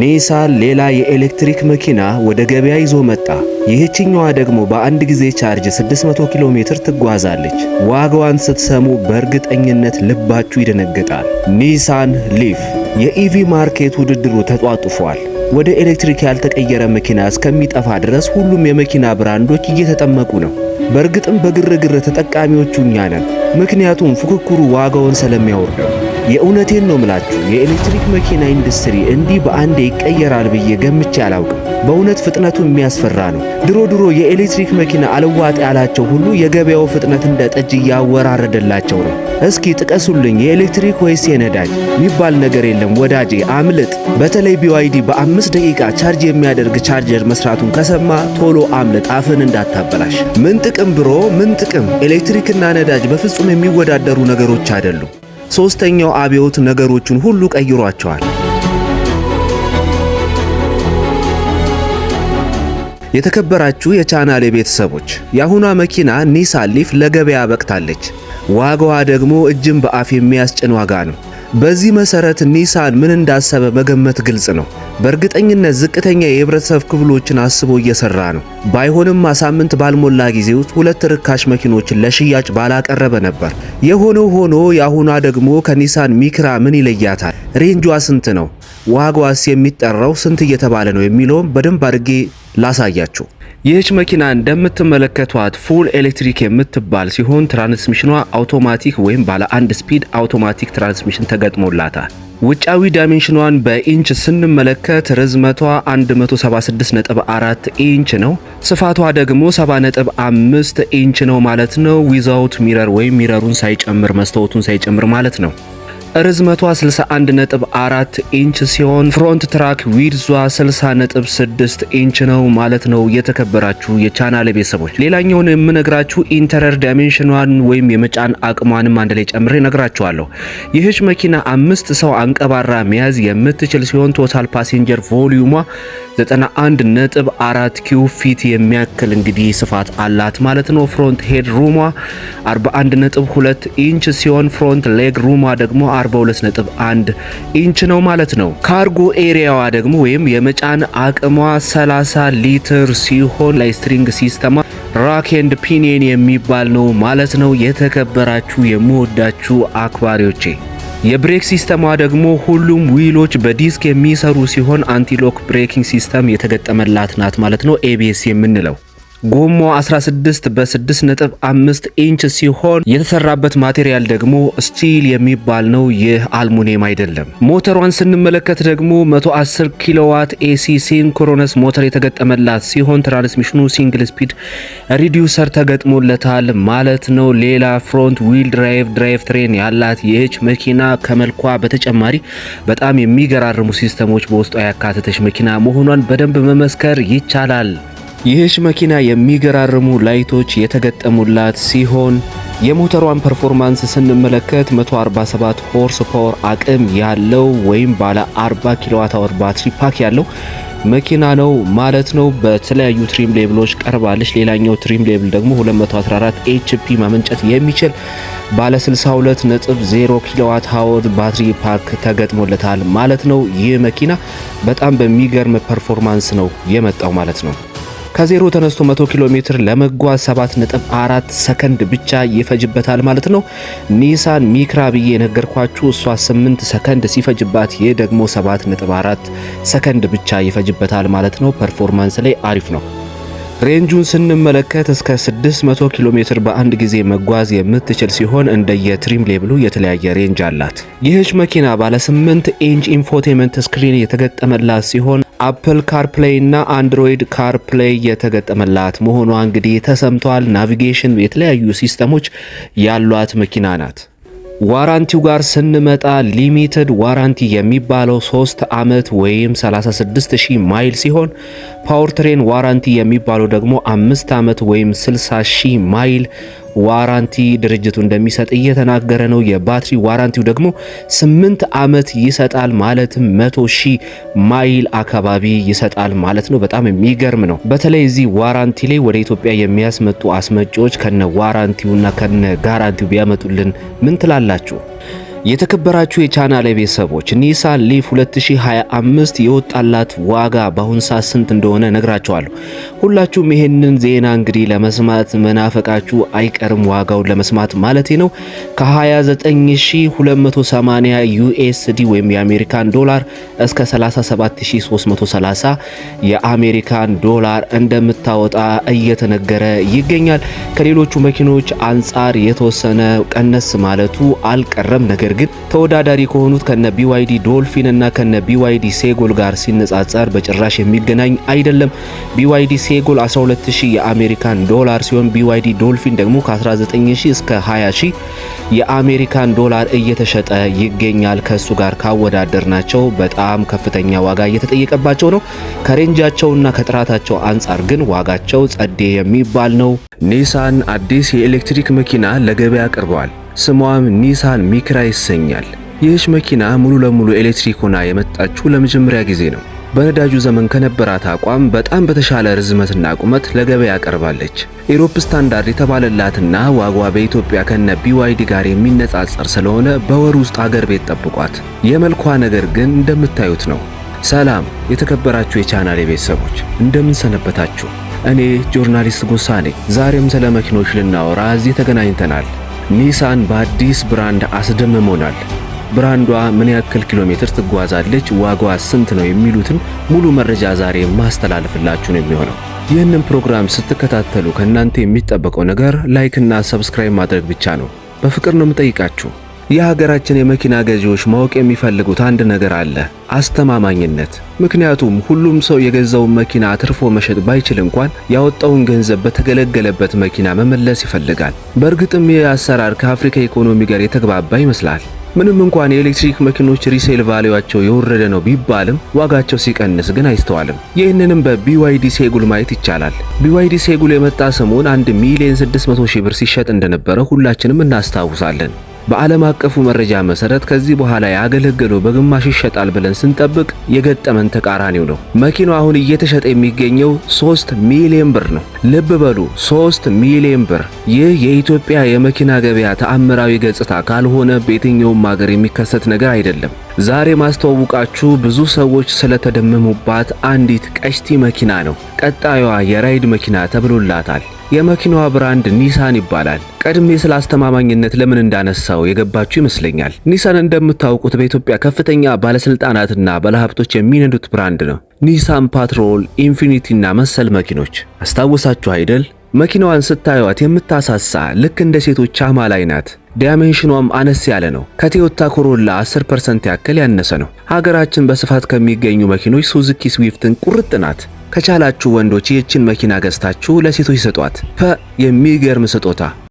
ኒሳን ሌላ የኤሌክትሪክ መኪና ወደ ገበያ ይዞ መጣ። ይህችኛዋ ደግሞ በአንድ ጊዜ ቻርጅ 600 ኪሎ ሜትር ትጓዛለች። ዋጋዋን ስትሰሙ በእርግጠኝነት ልባችሁ ይደነግጣል። ኒሳን ሊፍ የኢቪ ማርኬት ውድድሩ ተጧጡፏል። ወደ ኤሌክትሪክ ያልተቀየረ መኪና እስከሚጠፋ ድረስ ሁሉም የመኪና ብራንዶች እየተጠመቁ ነው። በእርግጥም በግርግር ተጠቃሚዎቹ እኛ ነን፣ ምክንያቱም ፉክክሩ ዋጋውን ስለሚያወርደው የእውነቴን ነው ምላችሁ የኤሌክትሪክ መኪና ኢንዱስትሪ እንዲህ በአንዴ ይቀየራል ብዬ ገምቼ አላውቅም። በእውነት ፍጥነቱ የሚያስፈራ ነው። ድሮ ድሮ የኤሌክትሪክ መኪና አልዋጥ ያላቸው ሁሉ የገበያው ፍጥነት እንደ ጠጅ እያወራረደላቸው ነው። እስኪ ጥቀሱልኝ የኤሌክትሪክ ወይስ የነዳጅ የሚባል ነገር የለም ወዳጄ፣ አምልጥ። በተለይ ቢዋይዲ በአምስት ደቂቃ ቻርጅ የሚያደርግ ቻርጀር መስራቱን ከሰማ ቶሎ አምልጥ፣ አፍን እንዳታበላሽ። ምን ጥቅም ብሮ ምን ጥቅም! ኤሌክትሪክና ነዳጅ በፍጹም የሚወዳደሩ ነገሮች አይደሉም። ሶስተኛው አብዮት ነገሮቹን ሁሉ ቀይሯቸዋል። የተከበራችሁ የቻናሌ ቤተሰቦች የአሁኗ መኪና ኒሳን ሊፍ ለገበያ በቅታለች። ዋጋዋ ደግሞ እጅን በአፍ የሚያስጭን ዋጋ ነው። በዚህ መሰረት ኒሳን ምን እንዳሰበ መገመት ግልጽ ነው። በእርግጠኝነት ዝቅተኛ የህብረተሰብ ክፍሎችን አስቦ እየሰራ ነው። ባይሆንም ሳምንት ባልሞላ ጊዜ ውስጥ ሁለት ርካሽ መኪኖችን ለሽያጭ ባላቀረበ ነበር። የሆነ ሆኖ የአሁኗ ደግሞ ከኒሳን ሚክራ ምን ይለያታል? ሬንጇ ስንት ነው? ዋጋዋስ የሚጠራው ስንት እየተባለ ነው የሚለውም በደንብ አድርጌ ላሳያችሁ። ይህች መኪና እንደምትመለከቷት ፉል ኤሌክትሪክ የምትባል ሲሆን ትራንስሚሽኗ አውቶማቲክ ወይም ባለ አንድ ስፒድ አውቶማቲክ ትራንስሚሽን ተገጥሞላታል። ውጫዊ ዳይሜንሽኗን በኢንች ስንመለከት ርዝመቷ 176.4 ኢንች ነው። ስፋቷ ደግሞ 7.5 ኢንች ነው ማለት ነው። ዊዛውት ሚረር ወይም ሚረሩን ሳይጨምር መስታወቱን ሳይጨምር ማለት ነው። ርዝመቷ 61.4 ኢንች ሲሆን ፍሮንት ትራክ ዊድዟ 60.6 ኢንች ነው ማለት ነው። የተከበራችሁ የቻናል ቤተሰቦች ሌላኛውን የምነግራችሁ ኢንተረር ዳይሜንሽኗን ወይም የመጫን አቅሟንም አንድ ላይ ጨምሬ ነግራችኋለሁ። ይህች መኪና አምስት ሰው አንቀባራ መያዝ የምትችል ሲሆን ቶታል ፓሴንጀር ቮሊዩሟ 91.4 ኪው ፊት የሚያክል እንግዲህ ስፋት አላት ማለት ነው። ፍሮንት ሄድ ሩሟ 41.2 ኢንች ሲሆን ፍሮንት ሌግ ሩሟ ደግሞ 42.1 ኢንች ነው ማለት ነው። ካርጎ ኤሪያዋ ደግሞ ወይም የመጫን አቅሟ 30 ሊትር ሲሆን ላይስትሪንግ ሲስተማ ራክ ኤንድ ፒኒየን የሚባል ነው ማለት ነው። የተከበራችሁ የምወዳችሁ አክባሪዎቼ የብሬክ ሲስተሟ ደግሞ ሁሉም ዊሎች በዲስክ የሚሰሩ ሲሆን አንቲሎክ ብሬኪንግ ሲስተም የተገጠመላት ናት ማለት ነው ኤቢኤስ የምንለው ጎማው 16 በ6.5 ኢንች ሲሆን የተሰራበት ማቴሪያል ደግሞ ስቲል የሚባል ነው። ይህ አልሙኒየም አይደለም። ሞተሯን ስንመለከት ደግሞ 110 ኪሎዋት ኤሲ ሲንክሮነስ ሞተር የተገጠመላት ሲሆን ትራንስሚሽኑ ሲንግል ስፒድ ሪዲዩሰር ተገጥሞለታል ማለት ነው። ሌላ ፍሮንት ዊል ድራይቭ ድራይቭ ትሬን ያላት ይህች መኪና ከመልኳ በተጨማሪ በጣም የሚገራርሙ ሲስተሞች በውስጧ ያካተተች መኪና መሆኗን በደንብ መመስከር ይቻላል። ይህች መኪና የሚገራርሙ ላይቶች የተገጠሙላት ሲሆን የሞተሯን ፐርፎርማንስ ስንመለከት 147 ሆርስ ፓወር አቅም ያለው ወይም ባለ 40 ኪሎዋት አወር ባትሪ ፓክ ያለው መኪና ነው ማለት ነው። በተለያዩ ትሪም ሌብሎች ቀርባለች። ሌላኛው ትሪም ሌብል ደግሞ 214 ኤችፒ ማመንጨት የሚችል ባለ 62.0 ኪሎዋት አወር ባትሪ ፓክ ተገጥሞለታል ማለት ነው። ይህ መኪና በጣም በሚገርም ፐርፎርማንስ ነው የመጣው ማለት ነው። ከዜሮ ተነስቶ 100 ኪሎ ሜትር ለመጓዝ 7.4 ሰከንድ ብቻ ይፈጅበታል ማለት ነው። ኒሳን ሚክራ ብዬ የነገርኳችሁ እሷ 8 ሰከንድ ሲፈጅባት ይህ ደግሞ 7.4 ሰከንድ ብቻ ይፈጅበታል ማለት ነው። ፐርፎርማንስ ላይ አሪፍ ነው። ሬንጁን ስንመለከት እስከ 600 ኪሎ ሜትር በአንድ ጊዜ መጓዝ የምትችል ሲሆን እንደየትሪም ሌብሉ የተለያየ ሬንጅ አላት። ይህች መኪና ባለ 8 ኢንች ኢንፎቴመንት ስክሪን የተገጠመላት ሲሆን አፕል ካርፕሌይ እና አንድሮይድ ካርፕሌይ የተገጠመላት መሆኗ እንግዲህ ተሰምቷል። ናቪጌሽን፣ የተለያዩ ሲስተሞች ያሏት መኪና ናት። ዋራንቲው ጋር ስንመጣ ሊሚትድ ዋራንቲ የሚባለው 3 ዓመት ወይም 36000 ማይል ሲሆን ፓወር ትሬን ዋራንቲ የሚባለው ደግሞ 5 ዓመት ወይም 60000 ማይል ዋራንቲ ድርጅቱ እንደሚሰጥ እየተናገረ ነው። የባትሪ ዋራንቲው ደግሞ ስምንት ዓመት ይሰጣል ማለትም መቶ ሺህ ማይል አካባቢ ይሰጣል ማለት ነው። በጣም የሚገርም ነው። በተለይ እዚህ ዋራንቲ ላይ ወደ ኢትዮጵያ የሚያስመጡ አስመጪዎች ከነ ዋራንቲውና ከነ ጋራንቲው ቢያመጡልን ምን ትላላችሁ? የተከበራችሁ የቻና ቤተሰቦች ኒሳን ሊፍ 2025 የወጣላት ዋጋ በአሁን ሰዓት ስንት እንደሆነ ነግራችኋለሁ። ሁላችሁም ይሄንን ዜና እንግዲህ ለመስማት መናፈቃችሁ አይቀርም፣ ዋጋውን ለመስማት ማለት ነው። ከ29280 ዩኤስዲ ወይም የአሜሪካን ዶላር እስከ 37330 የአሜሪካን ዶላር እንደምታወጣ እየተነገረ ይገኛል። ከሌሎቹ መኪኖች አንጻር የተወሰነ ቀነስ ማለቱ አልቀረም ነገር ነገር ግን ተወዳዳሪ ከሆኑት ከነ ቢዋይዲ ዶልፊን እና ከነ ቢዋይዲ ሴጎል ጋር ሲነጻጸር በጭራሽ የሚገናኝ አይደለም። ቢዋይዲ ሴጎል 12000 የአሜሪካን ዶላር ሲሆን ቢዋይዲ ዶልፊን ደግሞ ከ19000 እስከ 20000 የአሜሪካን ዶላር እየተሸጠ ይገኛል። ከሱ ጋር ካወዳደር ናቸው በጣም ከፍተኛ ዋጋ እየተጠየቀባቸው ነው። ከሬንጃቸውና ከጥራታቸው አንጻር ግን ዋጋቸው ጸዴ የሚባል ነው። ኒሳን አዲስ የኤሌክትሪክ መኪና ለገበያ አቅርበዋል። ስሟም ኒሳን ሚክራ ይሰኛል። ይህች መኪና ሙሉ ለሙሉ ኤሌክትሪክ ሆና የመጣችው ለመጀመሪያ ጊዜ ነው። በነዳጁ ዘመን ከነበራት አቋም በጣም በተሻለ ርዝመትና ቁመት ለገበያ ቀርባለች። ኢሮፕ ስታንዳርድ የተባለላትና ዋጓ በኢትዮጵያ ከነ ቢዋይዲ ጋር የሚነጻጸር ስለሆነ በወር ውስጥ አገር ቤት ጠብቋት። የመልኳ ነገር ግን እንደምታዩት ነው። ሰላም የተከበራችሁ የቻናሌ ቤተሰቦች እንደምን ሰነበታችሁ? እኔ ጆርናሊስት ጎሳ ነኝ። ዛሬም ስለ መኪኖች ልናወራ እዚህ ተገናኝተናል። ኒሳን በአዲስ ብራንድ አስደምሞናል። ብራንዷ ምን ያክል ኪሎ ሜትር ትጓዛለች፣ ዋጋዋ ስንት ነው የሚሉትን ሙሉ መረጃ ዛሬ ማስተላለፍላችሁ ነው የሚሆነው። ይህንን ፕሮግራም ስትከታተሉ ከእናንተ የሚጠበቀው ነገር ላይክና ሰብስክራይብ ማድረግ ብቻ ነው። በፍቅር ነው የምጠይቃችሁ። የሀገራችን የመኪና ገዢዎች ማወቅ የሚፈልጉት አንድ ነገር አለ፣ አስተማማኝነት። ምክንያቱም ሁሉም ሰው የገዛውን መኪና አትርፎ መሸጥ ባይችል እንኳን ያወጣውን ገንዘብ በተገለገለበት መኪና መመለስ ይፈልጋል። በእርግጥም ይህ አሰራር ከአፍሪካ ኢኮኖሚ ጋር የተግባባ ይመስላል። ምንም እንኳን የኤሌክትሪክ መኪኖች ሪሴል ቫሌዋቸው የወረደ ነው ቢባልም ዋጋቸው ሲቀንስ ግን አይስተዋልም። ይህንንም በቢዋይዲ ሴጉል ማየት ይቻላል። ቢዋይዲ ሴጉል የመጣ ሰሞን 1 ሚሊዮን 600 ሺህ ብር ሲሸጥ እንደነበረ ሁላችንም እናስታውሳለን። በዓለም አቀፉ መረጃ መሰረት ከዚህ በኋላ ያገለገለው በግማሽ ይሸጣል ብለን ስንጠብቅ የገጠመን ተቃራኒው ነው። መኪናው አሁን እየተሸጠ የሚገኘው 3 ሚሊዮን ብር ነው። ልብ በሉ 3 ሚሊዮን ብር። ይህ የኢትዮጵያ የመኪና ገበያ ተአምራዊ ገጽታ ካልሆነ በየትኛውም ሀገር የሚከሰት ነገር አይደለም። ዛሬ ማስተዋወቃችሁ ብዙ ሰዎች ስለተደመሙባት አንዲት ቀሽቲ መኪና ነው። ቀጣዩዋ የራይድ መኪና ተብሎላታል። የመኪናዋ ብራንድ ኒሳን ይባላል። ቀድሜ ስለ አስተማማኝነት ለምን እንዳነሳው የገባችሁ ይመስለኛል። ኒሳን እንደምታውቁት በኢትዮጵያ ከፍተኛ ባለስልጣናትና ባለሀብቶች የሚነዱት ብራንድ ነው። ኒሳን ፓትሮል፣ ኢንፊኒቲ እና መሰል መኪኖች አስታወሳችሁ አይደል? መኪናዋን ስታዩት የምታሳሳ ልክ እንደ ሴቶች አህማ ናት። ዳይሜንሽኗም አነስ ያለ ነው። ከቶዮታ ኮሮላ 10% ያክል ያነሰ ነው። ሀገራችን በስፋት ከሚገኙ መኪኖች ሱዙኪ ስዊፍትን ቁርጥ ናት። ከቻላችሁ ወንዶች ይህችን መኪና ገዝታችሁ ለሴቶች ይሰጧት ፈ የሚገርም ስጦታ